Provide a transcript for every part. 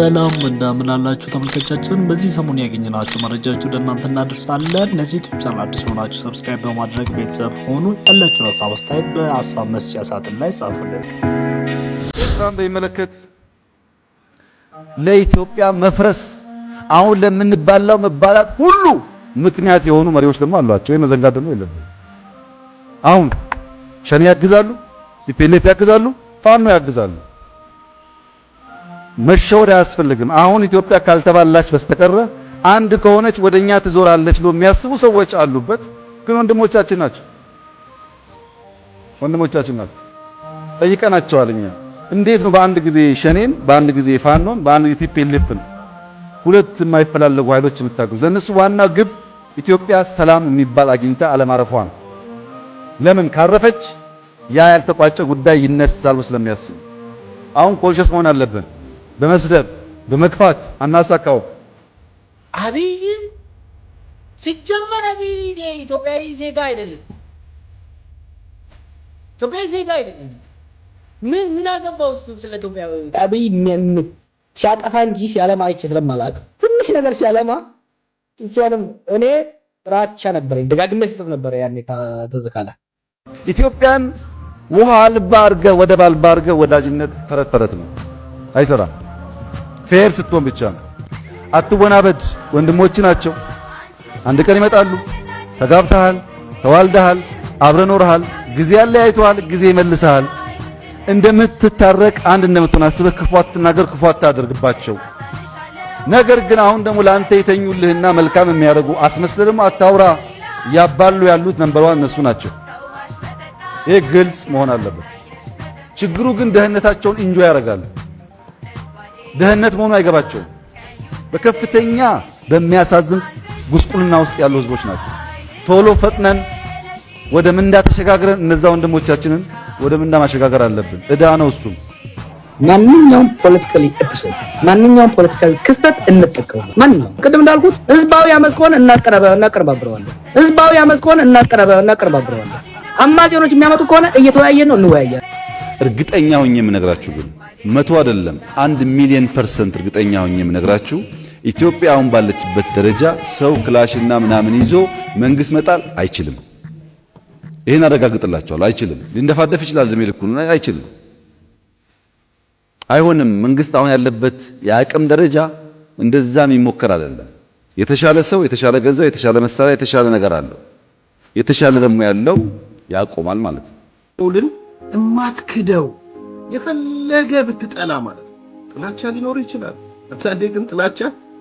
ሰላም እንደምን አላችሁ ተመልካቾቻችን። በዚህ ሰሞን ያገኘናችሁ መረጃዎች ወደ እናንተ እናደርሳለን። ለዚህ ዩቲዩብ ቻናል አዲስ ሆናችሁ ሰብስክራይብ በማድረግ ቤተሰብ ሆኑ። ያላችሁ ሀሳብ አስተያየት በሀሳብ መስጫ ሳጥን ላይ ጻፉልን። ኤርትራን በሚመለከት ለኢትዮጵያ መፍረስ አሁን ለምንባላው መባላት ሁሉ ምክንያት የሆኑ መሪዎች ደግሞ አሏቸው። ይሄ መዘንጋት ደግሞ የለብንም። አሁን ሸኔ ያግዛሉ፣ ቲፒኤልኤፍ ያግዛሉ፣ ፋኖ ያግዛሉ። መሸወድ አያስፈልግም። አሁን ኢትዮጵያ ካልተባላች በስተቀረ አንድ ከሆነች ወደኛ ትዞራለች ብሎ የሚያስቡ ሰዎች አሉበት። ግን ወንድሞቻችን ናቸው፣ ወንድሞቻችን ናቸው። ጠይቀናቸዋል። እኛ እንዴት ነው በአንድ ጊዜ ሸኔን፣ በአንድ ጊዜ ፋኖን፣ በአንድ ጊዜ ቲፒኤልኤፍን ሁለት የማይፈላለጉ ኃይሎች የምታገዙት? ለእነሱ ዋና ግብ ኢትዮጵያ ሰላም የሚባል አግኝታ አለማረፏ ነው። ለምን ካረፈች ያ ያልተቋጨ ጉዳይ ይነሳል ስለሚያስቡ አሁን ኮንሸስ መሆን አለብን። በመስደብ በመግፋት አናሳካው አብይ ሲጀመር አብይ ኢትዮጵያዊ ዜጋ አይደለም። ኢትዮጵያዊ ዜጋ አይደለም። ምን ምን አገባው እሱ ስለ ኢትዮጵያ? አብይ ሲያጠፋ እንጂ ሲያለማ አይቼ ስለማላውቅ ትንሽ ነገር ሲያለማ ሲያለም እኔ ጥራቻ ነበረኝ። ደጋግሜ ስጽፍ ነበር ያኔ ተዝካለ ኢትዮጵያን ውሃ አልባ አድርገህ ወደብ አልባ አድርገህ ወዳጅነት ተረት ተረት ነው፣ አይሰራም። ፌር ስትሆን ብቻ ነው። አትወናበድ። ወንድሞች ናቸው። አንድ ቀን ይመጣሉ። ተጋብተሃል፣ ተዋልደሃል፣ አብረ ኖርሃል፣ ጊዜ ያለያይተዋል፣ ጊዜ ይመልሰሃል። እንደምትታረቅ አንድ እንደምትሆን አስበህ ክፉ አትናገር፣ ክፉ አታደርግባቸው። ነገር ግን አሁን ደግሞ ለአንተ የተኙልህና መልካም የሚያደርጉ አስመስለህ ደግሞ አታውራ። ያባሉ ያሉት ነንበሯን እነሱ ናቸው። ይህ ግልጽ መሆን አለበት። ችግሩ ግን ደህንነታቸውን እንጆ ያደርጋሉ። ድህነት መሆኑ አይገባቸው። በከፍተኛ በሚያሳዝን ጉስቁልና ውስጥ ያሉ ህዝቦች ናቸው። ቶሎ ፈጥነን ወደ ምንዳ ተሸጋግረን እነዛ ወንድሞቻችንን ወደ ምንዳ ማሸጋገር አለብን። እዳ ነው እሱም። ማንኛውም ፖለቲካሊ ኤፒሶድ ማንኛውም ፖለቲካዊ ክስተት እንጠቀማለን። ማንኛውም ቅድም እንዳልኩት ህዝባዊ አመፅ ከሆነ እናቀርባብረዋለን። ህዝባዊ አመፅ ከሆነ እናቀርባብረዋለን። አማጺዎች የሚያመጡ ከሆነ እየተወያየን ነው እንወያያለን። እርግጠኛ ሆኜ የምነግራችሁ ግን መቶ አይደለም አንድ ሚሊዮን ፐርሰንት እርግጠኛ ሆኜ የምነግራችሁ ኢትዮጵያ አሁን ባለችበት ደረጃ ሰው ክላሽና ምናምን ይዞ መንግስት መጣል አይችልም። ይህን አረጋግጥላችኋለሁ። አይችልም። ሊንደፋደፍ ይችላል። እድሜ ልኩን አይችልም። አይሆንም። መንግስት አሁን ያለበት የአቅም ደረጃ እንደዛም ይሞከር አይደለም። የተሻለ ሰው፣ የተሻለ ገንዘብ፣ የተሻለ መሳሪያ፣ የተሻለ ነገር አለው። የተሻለ ደግሞ ያለው ያቆማል ማለት ነው። እማትክደው የፈለገ ብትጠላ ማለት ነው። ጥላቻ ሊኖር ይችላል። አንዳንዴ ግን ጥላቻ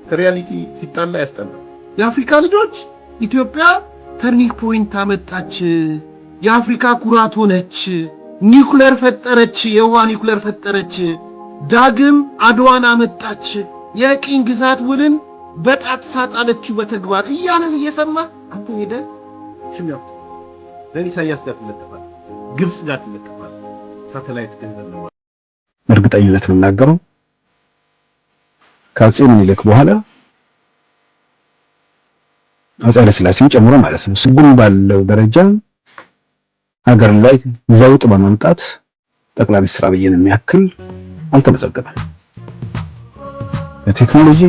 ከሪያሊቲ ሲጣላ ያስጠላል። የአፍሪካ ልጆች ኢትዮጵያ ተርኒክ ፖይንት አመጣች፣ የአፍሪካ ኩራት ሆነች፣ ኒውክለር ፈጠረች፣ የውሃ ኒውክሌር ፈጠረች፣ ዳግም አድዋን አመጣች፣ የቅኝ ግዛት ውልን በጣጥሳ ጣለችው በተግባር እያለን እየሰማ አንተ ሄደ ሽሚያ ለኢሳያስ ጋር ትለጠፋል፣ ግብፅ ጋር ትለጠፋል። ሳተላይት ገንዘብ ነው። እርግጠኝነት የምናገረው ከአፄ ምኒልክ በኋላ አፄ ኃይለሥላሴን ጨምሮ ማለት ነው ስጉም ባለው ደረጃ ሀገር ላይ ለውጥ በማምጣት ጠቅላይ ሚኒስትር አብይን የሚያክል አልተመዘገበም። በቴክኖሎጂ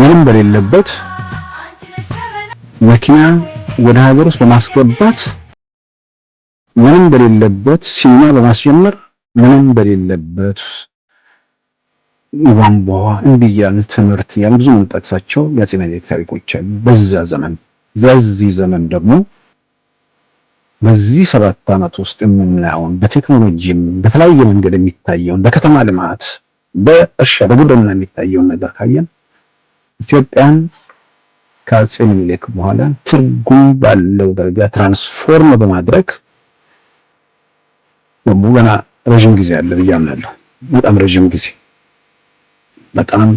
ምንም በሌለበት መኪና ወደ ሀገር ውስጥ በማስገባት። ምንም በሌለበት ሲኒማ በማስጀመር ምንም በሌለበት ቧንቧ እንዲህ እያለ ትምህርት ያን ብዙ መንጠቅሳቸው የአፄ ምኒልክ ታሪኮች አሉ። በዛ ዘመን በዚህ ዘመን ደግሞ በዚህ ሰባት ዓመት ውስጥ የምናየውን በቴክኖሎጂም በተለያየ መንገድ የሚታየውን በከተማ ልማት፣ በእርሻ በግብርና የሚታየውን ነገር ካየን ኢትዮጵያን ከአፄ ምኒልክ በኋላ ትርጉም ባለው ደረጃ ትራንስፎርም በማድረግ ደግሞ ገና ረዥም ጊዜ አለ ብዬ አምናለሁ። በጣም ረዥም ጊዜ በጣም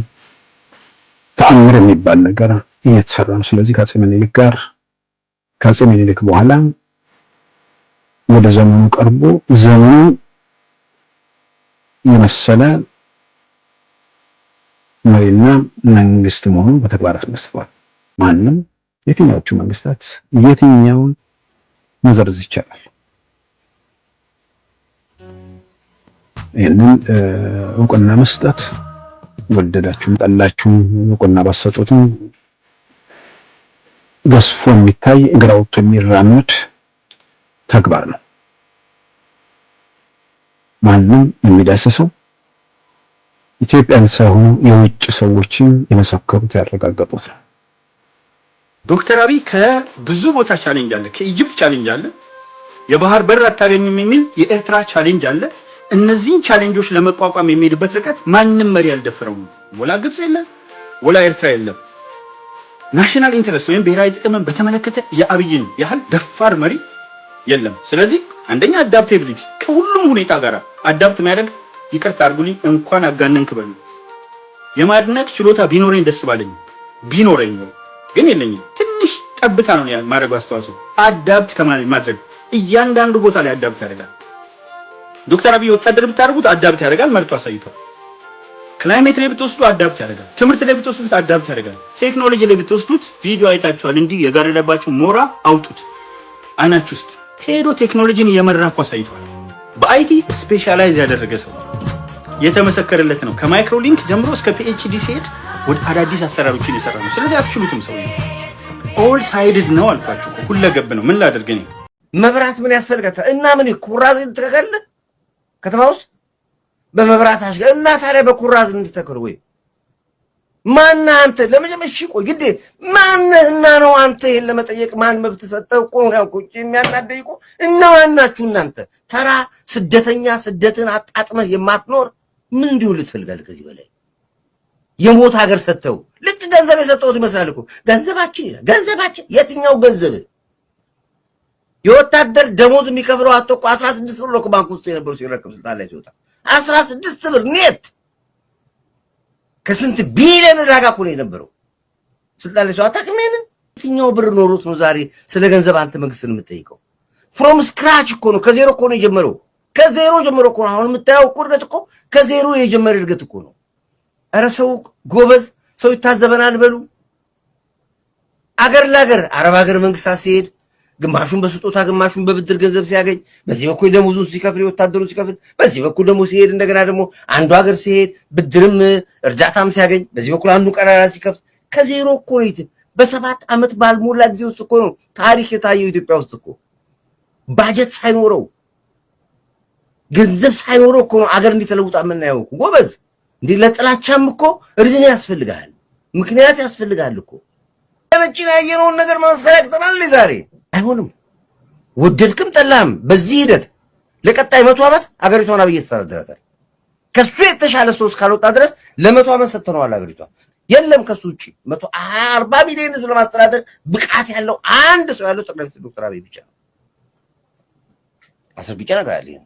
ተአምር የሚባል ነገር እየተሰራ ነው። ስለዚህ ከአፄ ምኒልክ ጋር ከአፄ ምኒልክ በኋላ ወደ ዘመኑ ቀርቦ ዘመኑ የመሰለ መሪና መንግስት መሆኑን በተግባር አስመስሏል። ማንም የትኛዎቹ መንግስታት የትኛውን መዘርዝ ይቻላል። ይህንን እውቅና መስጠት ወደዳችሁም ጠላችሁም እውቅና ባሰጡትም ገዝፎ የሚታይ እግር አውጥቶ የሚራመድ ተግባር ነው። ማንም የሚዳስሰው ኢትዮጵያን ሳይሆኑ የውጭ ሰዎችን የመሰከሩት ያረጋገጡት ነው። ዶክተር አብይ ከብዙ ቦታ ቻሌንጅ አለ። ከኢጅፕት ቻሌንጅ አለ። የባህር በር አታገኝም የሚል የኤርትራ ቻሌንጅ አለ። እነዚህን ቻሌንጆች ለመቋቋም የሚሄድበት ርቀት ማንም መሪ አልደፈረውም። ወላ ግብፅ የለም፣ ወላ ኤርትራ የለም። ናሽናል ኢንተረስት ወይም ብሔራዊ ጥቅምን በተመለከተ የአብይን ያህል ደፋር መሪ የለም። ስለዚህ አንደኛ አዳፕቴብሊቲ ከሁሉም ሁኔታ ጋር አዳፕት የሚያደርግ ይቅርታ አድርጉልኝ እንኳን አጋነን በሉ የማድነቅ ችሎታ ቢኖረኝ ደስ ባለኝ ቢኖረኝ ግን የለኝም። ትንሽ ጠብታ ነው ማድረጉ አስተዋጽኦ አዳፕት ከማድረግ እያንዳንዱ ቦታ ላይ አዳፕት ያደርጋል። ዶክተር አብይ ወታደር ብታደርጉት አዳብት ያደርጋል፣ መርቶ አሳይቷል። ክላይሜት ላይ ብትወስዱ አዳብት ያደርጋል። ትምህርት ላይ ብትወስዱት አዳብት ያደርጋል። ቴክኖሎጂ ላይ ብትወስዱት ቪዲዮ አይታችኋል። እንዲህ የጋረደባቸው ሞራ አውጡት አይናችሁ ውስጥ ሄዶ ቴክኖሎጂን እየመራ እኮ አሳይቷል። በአይቲ ስፔሻላይዝ ያደረገ ሰው የተመሰከረለት ነው። ከማይክሮ ሊንክ ጀምሮ እስከ ፒኤችዲ ሲሄድ ወደ አዳዲስ አሰራሮችን የሰራ ነው። ስለዚህ አትችሉትም። ሰው ኦል ሳይድድ ነው አልኳችሁ። ሁለገብ ነው። ምን ላደርግ መብራት ምን ያስፈልጋታል? እና ምን ኩራዝ ትከካለ ከተማ ውስጥ በመብራት አሽጋ እና ታዲያ በኩራዝ እንድትተክሉ ወይ ማነህ አንተ? ለመጀመሪያ እሺ፣ ቆይ ግዴ ማነህና ነው አንተ ይሄን ለመጠየቅ ማን መብት ሰጠህ? እኮ ያው ቁጭ የሚያናደኝ እኮ እና ማናችሁ እናንተ ተራ ስደተኛ ስደትን አጣጥመህ የማትኖር ምን እንዲሁ ልትፈልጋል? ከዚህ በላይ የሞት ሀገር ሰጥተው ልክ ገንዘብ የሰጠሁት ይመስላል እኮ ገንዘባችን ገንዘባችን የትኛው ገንዘብ የወታደር ደሞዝ የሚከፍለው አቶ እኮ አስራ ስድስት ብር ነው ባንክ ውስጥ የነበሩ ሲረክብ ስልጣን ላይ ሲወጣ አስራ ስድስት ብር ኔት ከስንት ቢሊዮን ዳጋ ጋር እኮ ነው የነበረው ስልጣን ላይ ሲወጣ ታቅሜን የትኛው ብር ኖሮት ነው ዛሬ ስለ ገንዘብ አንተ መንግስትን የምጠይቀው? ፍሮም ስክራች እኮ ነው ከዜሮ እኮ ነው የጀመረው። ከዜሮ ጀምሮ እኮ ነው አሁን የምታየው እኮ እድገት እኮ ከዜሮ የጀመረ እድገት እኮ ነው። እረ ሰው ጎበዝ ሰው ይታዘበናል በሉ አገር ለአገር አረብ ሀገር መንግስታት ሲሄድ ግማሹን በስጦታ ግማሹን በብድር ገንዘብ ሲያገኝ፣ በዚህ በኩል ደሞዙን ሲከፍል ወታደሩ ሲከፍል፣ በዚህ በኩል ደግሞ ሲሄድ እንደገና ደግሞ አንዱ ሀገር ሲሄድ ብድርም እርዳታም ሲያገኝ፣ በዚህ በኩል አንዱ ቀራራ ሲከፍት ከዜሮ እኮ ነው። በሰባት ዓመት ባልሞላ ጊዜ ውስጥ እኮ ነው ታሪክ የታየው ኢትዮጵያ ውስጥ እኮ ባጀት ሳይኖረው ገንዘብ ሳይኖረው እኮ ነው አገር እንዲተለውጣ የምናየው እኮ ጎበዝ። እንዲህ ለጥላቻም እኮ ርዝን ያስፈልጋል፣ ምክንያት ያስፈልጋል እኮ ለመጪ ያየነውን ነገር ማመስከር ዛሬ አይሆንም። ወደድክም ጠላህም በዚህ ሂደት ለቀጣይ መቶ ዓመት አገሪቷን አብይ ተስተዳድራታል። ከሱ የተሻለ ሰው እስካልወጣ ድረስ ለመቶ ዓመት ሰጥተነዋል። አገሪቷ የለም ከሱ ውጭ መቶ አርባ ሚሊዮን ህዝብ ለማስተዳደር ብቃት ያለው አንድ ሰው ያለው ጠቅላይ ሚኒስትር ዶክተር አብይ ብቻ ነው። አስረግጬ እነግርሃለሁ።